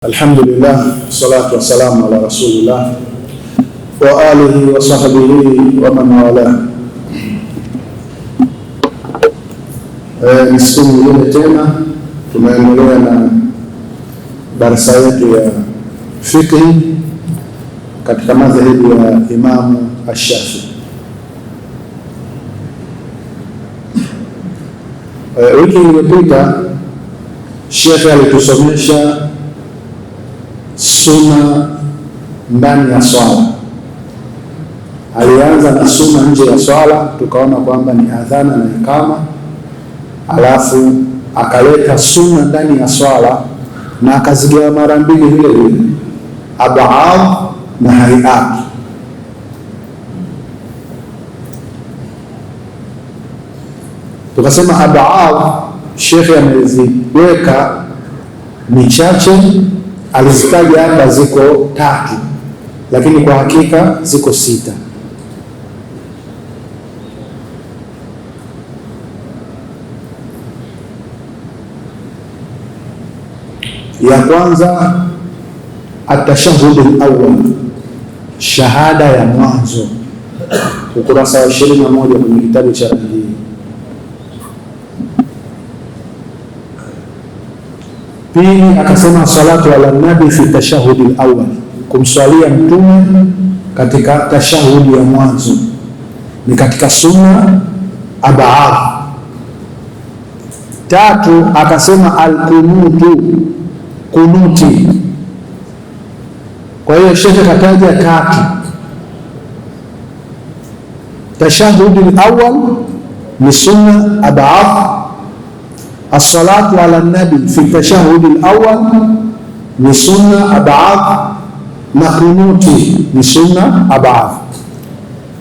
Alhamdulillah, salatu wassalamu ala rasulillah wa alihi wa sahbihi wa man wala. Eh, ni siku nyingine tena tunaendelea na darasa yetu ya fiqhi katika madhehebu ya Imamu ashafi eh, wiki iliyopita shekhe alitusomesha suna ndani ya swala. Alianza na suna nje ya swala, tukaona kwamba ni adhana na ikama, alafu akaleta suna ndani ya swala na akazigawa mara mbili vile vile, abaad na haiat. Tukasema abaad, shekhe ameziweka michache alizitaja hapa ziko tatu, lakini kwa hakika ziko sita. Ya kwanza atashahudu awwal, shahada ya mwanzo, ukurasa wa 21 kwenye kitabu cha Pili akasema salatu ala nabi fi tashahudi alawali, kumswalia mtume katika tashahudi ya mwanzo ni katika sunna abaad. Tatu akasema alkunutu, kunuti. Kwa hiyo shekhe kataja tatu: tashahudi lawal ni sunna abaad Assalatu ala nabi fi tashahudi lawal ni sunna abaadh, na kunuti ni sunna abaadh.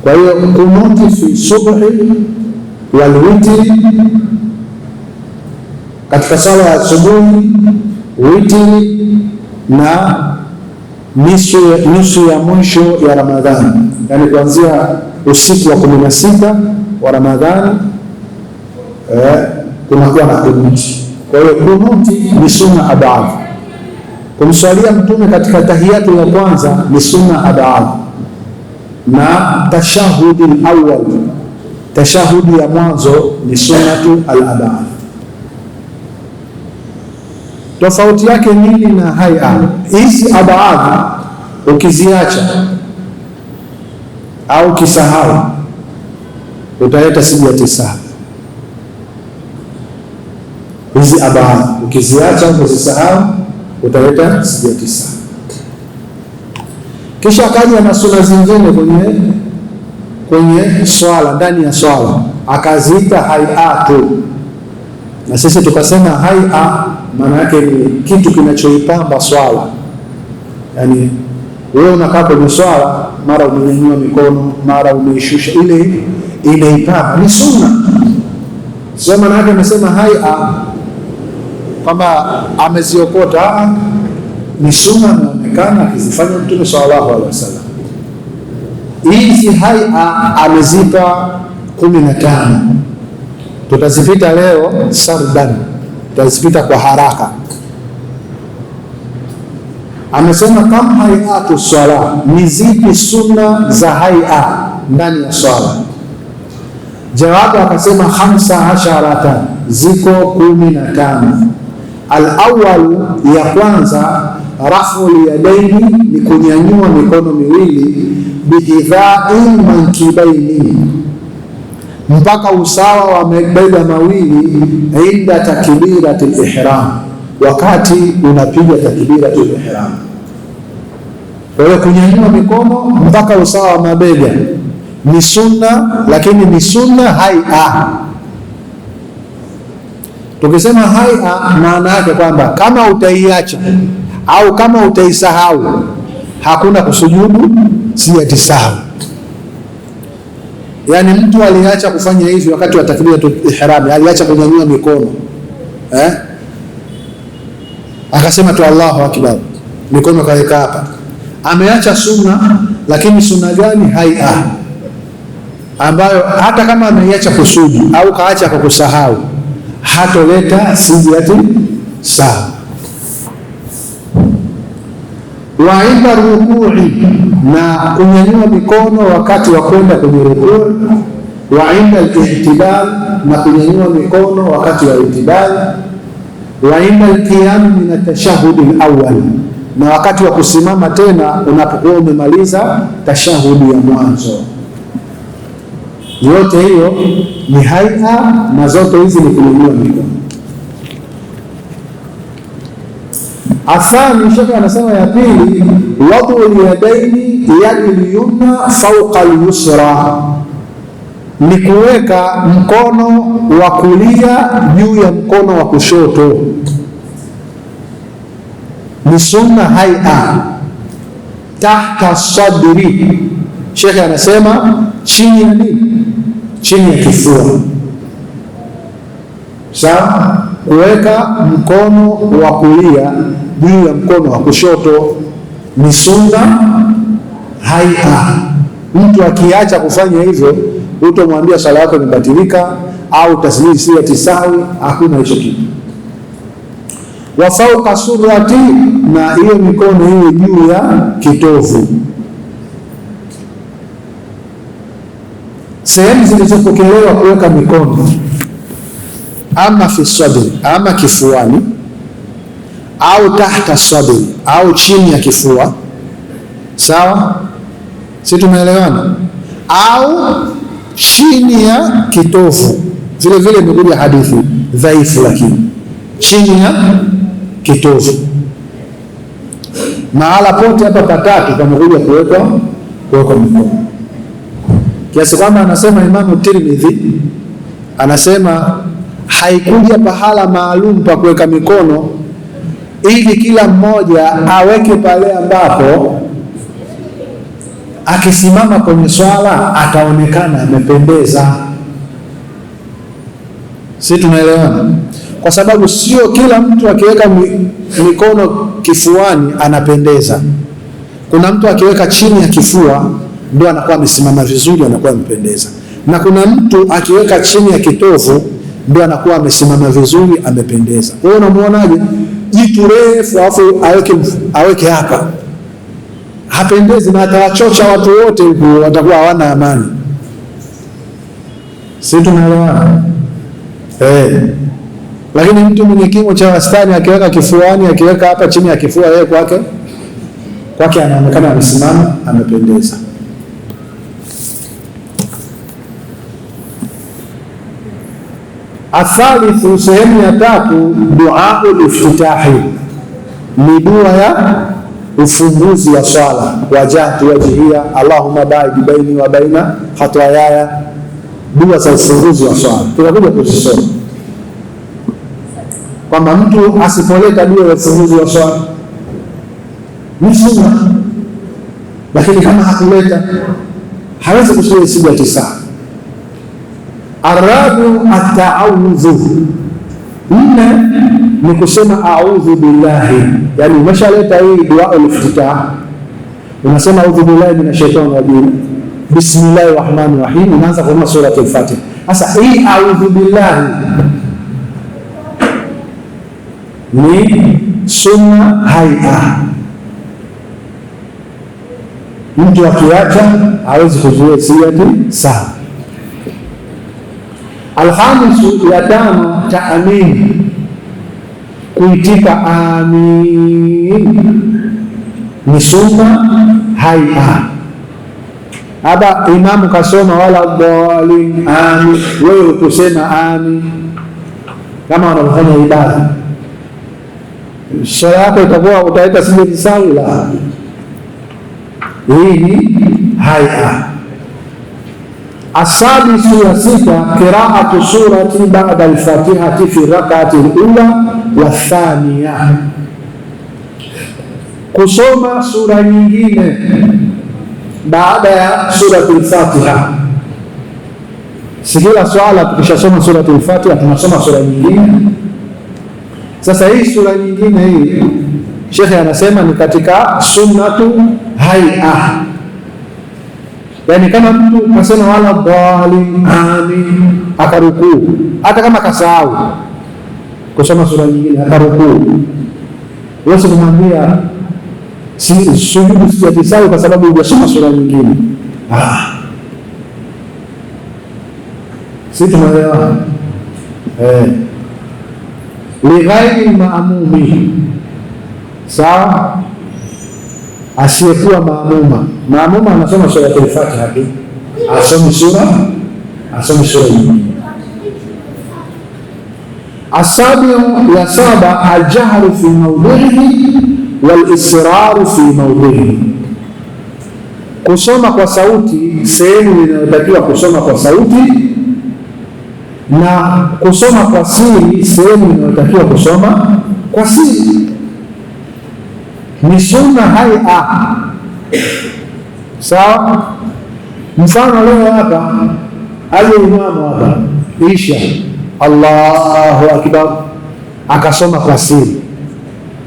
Kwa hiyo kunuti fi subhi walwitri, katika sala ya asubuhi, witri na nusu ya mwisho ya Ramadhani, yaani kuanzia usiku wa kumi na sita wa Ramadhani eh, kunakuwa na kunuti. Kwa hiyo kunuti ni sunna adhafu. Kumswalia Mtume katika tahiyatu ya kwanza ni sunna adhafu, na tashahudi alawwal, tashahudi ya mwanzo ni sunnatu aladhafu. Tofauti yake nini na haya hizi? Adhafu ukiziacha au kisahau utaleta sijatisa hizi abaha ukiziacha ukizisahau utaleta sijia tisa. Kisha akaja na sura zingine kwenye kwenye swala, ndani ya swala akaziita tu, na sisi tukasema haia maana yake ni kitu kinachoipamba swala, yani wewe unakaa kwenye swala, mara umenyanyua mikono, mara umeishusha, ile inaipamba ni sunna. Sio maana yake amesema haia kwamba ameziokota ni sunna, anaonekana akizifanya Mtume sallallahu alaihi wasallam. Hizi haia amezipa kumi na tano, tutazipita leo sardan, tutazipita kwa haraka. Amesema kam haiatu swala, ni zipi sunna za haia ndani ya swala? Jawabu akasema khamsa asharatan, ziko kumi na tano. Alawal, ya kwanza, rafu yadaini ni kunyanyua mikono miwili, bihidhai mankibaini, mpaka usawa wa mabega mawili, inda takbirati lihram, wakati unapiga takbirati lihram. Kwa hiyo kunyanyua mikono mpaka usawa wa mabega ni sunna, lakini ni sunna ah. Tukisema hai ah, ah, maana yake kwamba kama utaiacha au kama utaisahau, hakuna kusujudu siyati yaani mtu aliacha kufanya hivi wakati wa takbiratul ihram, aliacha kunyanyua mikono eh? Akasema tu Allahu akbar, mikono kaweka hapa, ameacha sunna. Lakini sunna gani? Haia ah. ambayo hata kama ameiacha kusujudu au kaacha kwa kusahau hatoleta sijiati saa Wa inda rukui, na kunyanyua mikono wakati wa kwenda kwenye rukuu. Wa inda na kunyanyua mikono wakati wa itidal. Wa inda alqiyam min atashahudi lawal na wakati wa kusimama tena unapokuwa umemaliza tashahudi ya mwanzo. Yote hiyo ni haiha na zote hizi ni kununua mikopo. Athani shekhe anasema ya pili, wadu lyadaini yadi lyumna fauqa lyusra, ni kuweka mkono wa kulia juu ya mkono wa kushoto, ni sunna haia tahta sadri. Shekhe anasema chini ya nini chini ya kifua, sawa. Kuweka mkono wa kulia juu ya mkono wa kushoto ni sunna haia. Mtu akiacha kufanya hivyo, utomwambia sala yako imebatilika au tasbihi si ya tisawi, hakuna hicho kitu. Wa fauka surati, na hiyo mikono iwe juu ya kitovu Sehemu zilizopokelewa kuweka mikono ama fi sadri, ama kifuani au tahta sadri, au chini ya kifua. Sawa, si tumeelewana? Au chini ya kitofu, vile vile imekuja hadithi dhaifu, lakini chini ya kitofu. Mahala pote hapa patatu pamekuja kuwekwa kuwekwa mikono kiasi kwamba anasema Imamu Tirmidhi anasema haikuja pahala maalum pa kuweka mikono ili kila mmoja aweke pale ambapo akisimama kwenye swala ataonekana amependeza. Si tunaelewana? Kwa sababu sio kila mtu akiweka mikono kifuani anapendeza. Kuna mtu akiweka chini ya kifua ndio anakuwa amesimama vizuri, anakuwa amependeza. Na kuna mtu akiweka chini ya kitovu ndio anakuwa amesimama vizuri, amependeza. Wewe unamuonaje? Jitu refu afu aweke aweke hapa, hapendezi na atawachocha watu wote, huku watakuwa hawana amani. Si tunaelewana eh? Lakini mtu mwenye kimo cha wastani akiweka kifuani, akiweka hapa chini ya kifua, yeye kwake kwake anaonekana amesimama, amependeza. Athalithu, sehemu ya tatu, duaul iftitahi ni dua ya ufunguzi wa swala, wajahti wajihia allahumma baid baini wa baina khatwayaya, dua za ufunguzi wa swala tunakuja kuzisoma, kwamba mtu asipoleta dua ya ufunguzi wa swala ni sunna, lakini kama hakuleta hawezi kusoma siku ya tisa Arabu ataaudhu, nne ni kusema audhu billahi. Yani umeshaleta hii dua al unasema audhu billahi minashaitani rajim, bismillahi rahmani rahim, unaanza kusoma surat al Sasa hii audhu billahi ni sunna haia, mtu akiacha hawezi kuzuia siati sana Alhamisu ya tano, taamini, kuitika amin ni sunna haia. Haba imamu kasoma wala dhalin amin, wewe ukusema amin kama wanavyofanya ibada swala yako itakuwa utaita sijisawi la hii ni haia Asadisu ya sita, qiraatu surati bada lfatihati fi rakaati lula wathania, kusoma sura nyingine baada ya surati lfatiha. Si kila swala tukishasoma surati lfatiha tunasoma sura nyingine. Sasa hii sura nyingine hii, shekhe anasema ni katika sunnatu haia Yani kama mtu kasema wala dhali amin, akarukuu hata kama kasahau kusoma sura nyingine, akarukuu wezi kumwambia si sujudu sijajisahau kwa sababu hujasoma sura nyingine. Ah, si tunaelewa eh? lighairi maamumi sawa asiyekuwa maamuma. Maamuma anasoma sura ya Fatiha tu, asomi sura asomi sura nyingine. Asabi ya saba, aljahru fi maudhihi walisraru fi maudhihi, kusoma kwa sauti sehemu inayotakiwa kusoma kwa sauti na kusoma kwa siri sehemu inayotakiwa kusoma kwa siri ni sunna haia ah. sawa. Mfano leo hapa aje imamu hapa isha, Allahu akbar, akasoma kwa siri,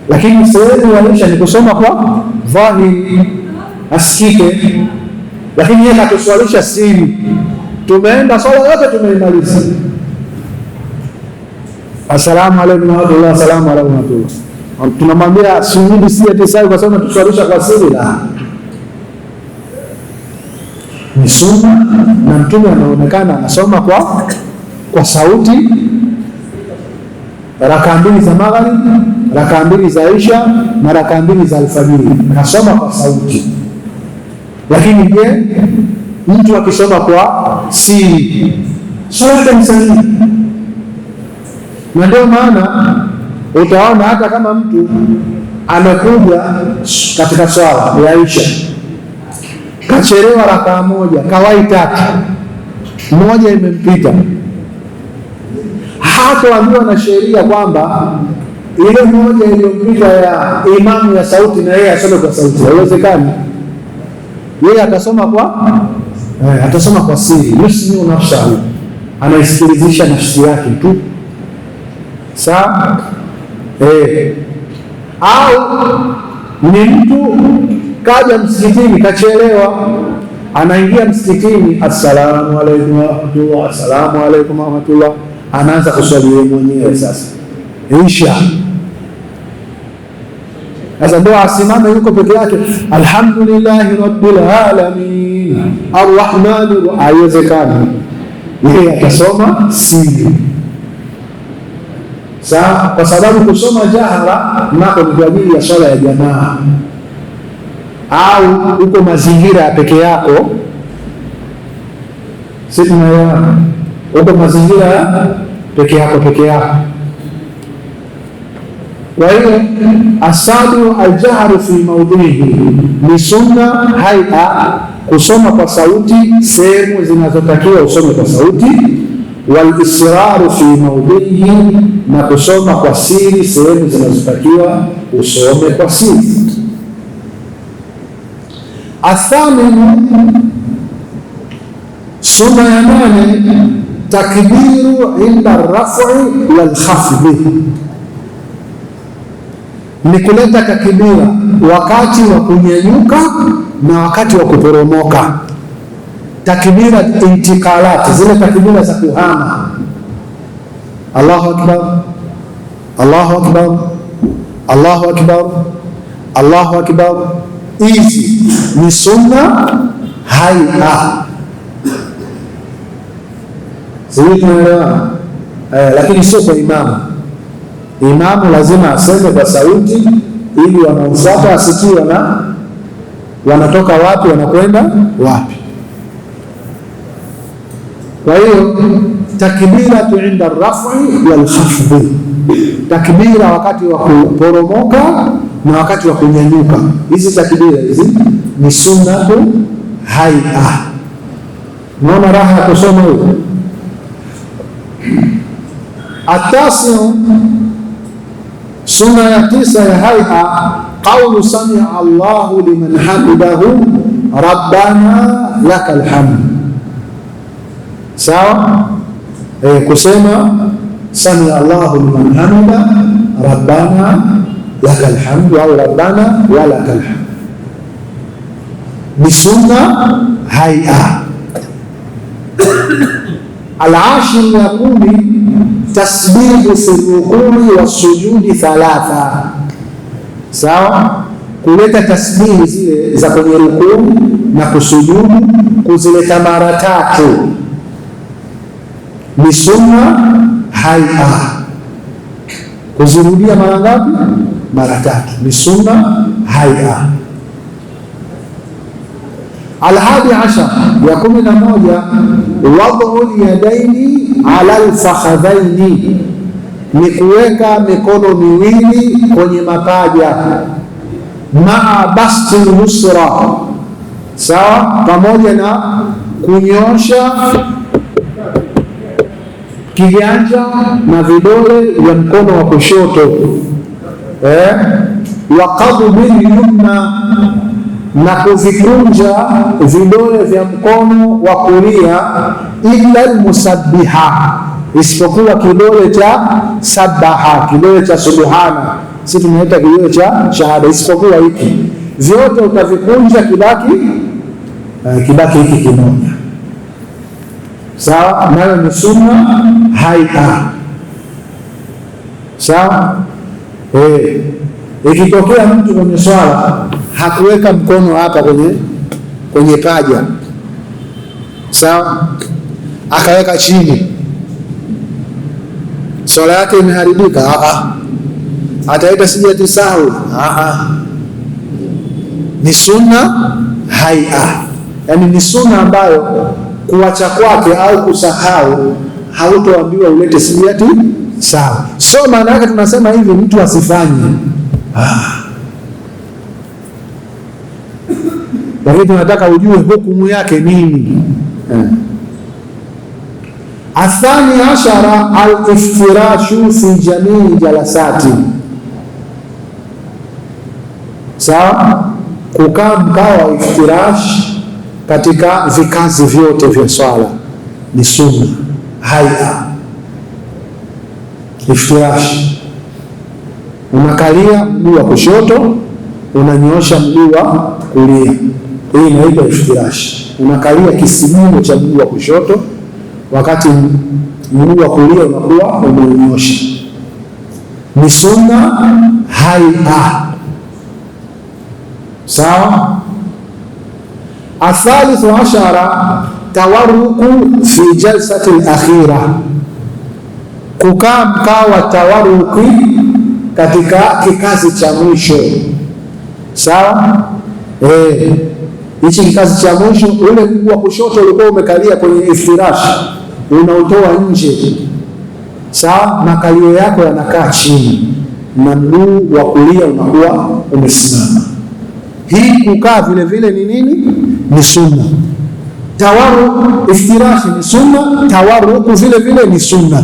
lakini sehemu ya isha ni kusoma kwa dhahiri asikike, lakini yeye akatuswalisha siri. Tumeenda swala yote tumeimaliza, assalamu alaykum wa rahmatullahi wa barakatuh tunamwambia sujudi si ati sawi kwa sababu natuswalisha kwa siri. La, ni sunna, na mtume anaonekana anasoma kwa kwa sauti rakaa mbili za magharibi, rakaa mbili za isha na rakaa mbili za alfajiri, anasoma kwa sauti. Lakini je, mtu akisoma kwa siri swala itamsalia? Na ndio maana Utaona hata kama mtu amekuja katika swala ya Isha kachelewa rakaa moja, kawai tatu, moja imempita, hatoambiwa na sheria kwamba ile moja iliyompita ya imamu ya sauti na yeye asome kwa sauti, haiwezekani. Yeye atasoma kwa eh, atasoma kwa siri, yusmiu nafsahu, anaisikilizisha nafsi yake tu, sawa eh, au ni mtu kaja msikitini kachelewa, anaingia msikitini, assalamu alaykum warahmatullah, assalamu alaykum warahmatullah, anaanza kuswali mwenyewe. Sasa isha sasa ndio asimame yuko peke yake, alhamdulillahi rabbil alamin arrahmani, haiwezekani. Yeye atasoma siri Sawa, kwa sababu kusoma jahra nako ni kwa ajili ya swala ya jamaa, au uko mazingira ya peke yako, si tunaelewana? Uko mazingira ya peke yako peke yako. Kwa hiyo asadu aljaharu fi maudhihi ni sunna haia, kusoma kwa sauti sehemu zinazotakiwa usome kwa sauti walisiraru fi maudhihi, na kusoma kwa siri sehemu zinazotakiwa usome kwa siri. Athamin, sunna ya nane, takbiru inda rafi walkhafdi, ni kuleta takbira wakati wa kunyanyuka na wakati wa kuporomoka takbira intiqalat, zile takbira za kuhama. Allahu akbar, Allahu akbar, Allahu akbar, Allahu akbar. Hizi ni sunna haia, sijui tunaelewana eh, lakini sio kwa imamu. Imamu lazima aseme kwa sauti ili wanaofuata asikie na wanatoka wapi wanakwenda wapi. Kwa hiyo takbiratu inda rafi wal khafdi, takbira wakati wa kuporomoka na wakati wa kunyanyuka. Hizi takbira hizi ni sunnatu haia. Naona raha ya kusoma huyo atasiu. Sunna ya tisa ya haia, qaulu samia Allahu liman hamidahu rabbana lakal hamd sawa. E, kusema sami Allahu liman hamida rabbana lakal hamdu au rabbana wa lakal hamdu ni sunna haya. Alashir ya kumi tasbihu fi wa sujudi thalatha, sawa kuleta tasbihi zile za kwenye rukuu na kusujudu kuzileta mara tatu bisunna haia, kuzirudia mara ngapi? Mara tatu. Bisunna haia. Alhadi ashar ya kumi na moja, wadhu lyadaini ala lfakhadhaini, ni kuweka mikono miwili kwenye mapaja maa basti yusra, sawa, pamoja na kunyosha kilianza na vidole vya mkono wa kushoto eh, wa qadbil yumna, na kuzikunja vidole vya mkono wa kulia, illa almusabbiha, isipokuwa kidole cha sabaha, kidole cha subhana, si tunaita kidole cha shahada, isipokuwa hiki, vyote utavikunja kibaki, eh, kibaki hiki kimoja sawa, nayo ni sunna haia, sawa. Eh, ikitokea mtu kwenye swala hakuweka mkono hapa kwenye kwenye paja, sawa, akaweka chini, swala yake imeharibika. Ataita sijati sahwi? Ni sunna haia, yaani ni sunna ambayo kuacha kwake au kusahau, hautoambiwa ulete sijati sawa. So maana yake tunasema hivi, mtu asifanye ah. lakini tunataka ujue hukumu yake nini? Eh. Athani ashara aliftirashu fi jamii jalasati, sawa, kukaa mkao wa iftirash katika vikazi vyote vya swala ni sunna. Haya, iftirashi, unakalia mguu wa kushoto, unanyoosha mguu wa kulia. Hii inaitwa iftirashi. Unakalia kisimimo cha mguu wa kushoto, wakati mguu wa kulia unakuwa umeunyosha Ni sunna haya, sawa Athalith ashara tawaruku fi jalsati lakhira kukaa mkaa wa tawaruki katika kikazi cha mwisho. Sawa, eh, hichi kikazi cha mwisho, ule mguu wa kushoto ulikuwa umekalia kwenye ifirashi, unaotoa nje. Sawa, makalio yako yanakaa chini na mguu wa kulia unakuwa umesimama. Hii kukaa vile vile ni nini? Ni sunna. Tawaru iftirashi ni sunna, tawaruku vile vile ni sunna.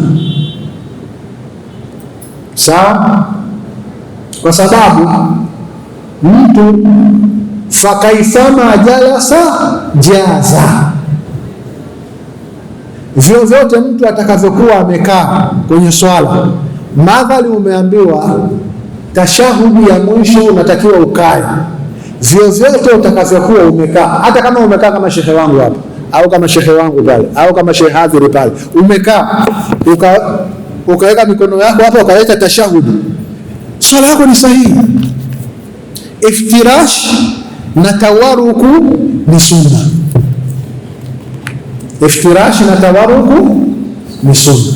Sawa, kwa sababu mtu fakaisama jalasa jaza, vyovyote mtu atakavyokuwa amekaa kwenye swala. Madhali umeambiwa tashahudi ya mwisho unatakiwa ukae vyovyote utakavyokuwa umekaa, hata kama umekaa kama shehe wangu hapa au kama shehe wangu pale au kama shehe hadhiri pale, umekaa uka, ukaweka mikono yako hapa ukaleta tashahudi, swala yako ni sahihi. Iftirash na tawaruku ni sunna. Iftirash na tawaruku ni sunna.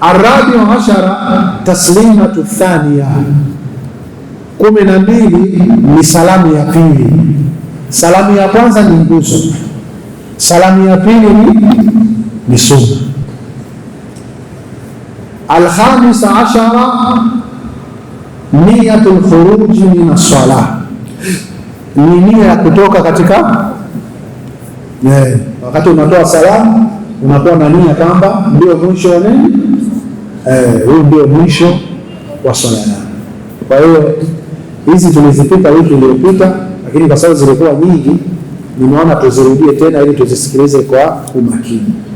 Arabiu ashara taslimatu thania, kumi na mbili ni salamu ya pili. Salamu ya kwanza ni nguzo, salamu ya pili ni sunna. Alhamisa ashara niyatu lkhuruji min assala, ni nia ya kutoka katika yeah. Wakati unatoa salamu unakuwa na nia kwamba ndio mwisho wa nini Eh, huu ndio mwisho wa swala yangu. Kwa hiyo hizi tulizipita wiki iliyopita, lakini kwa sababu zilikuwa nyingi, nimeona tuzirudie tena ili tuzisikilize kwa umakini.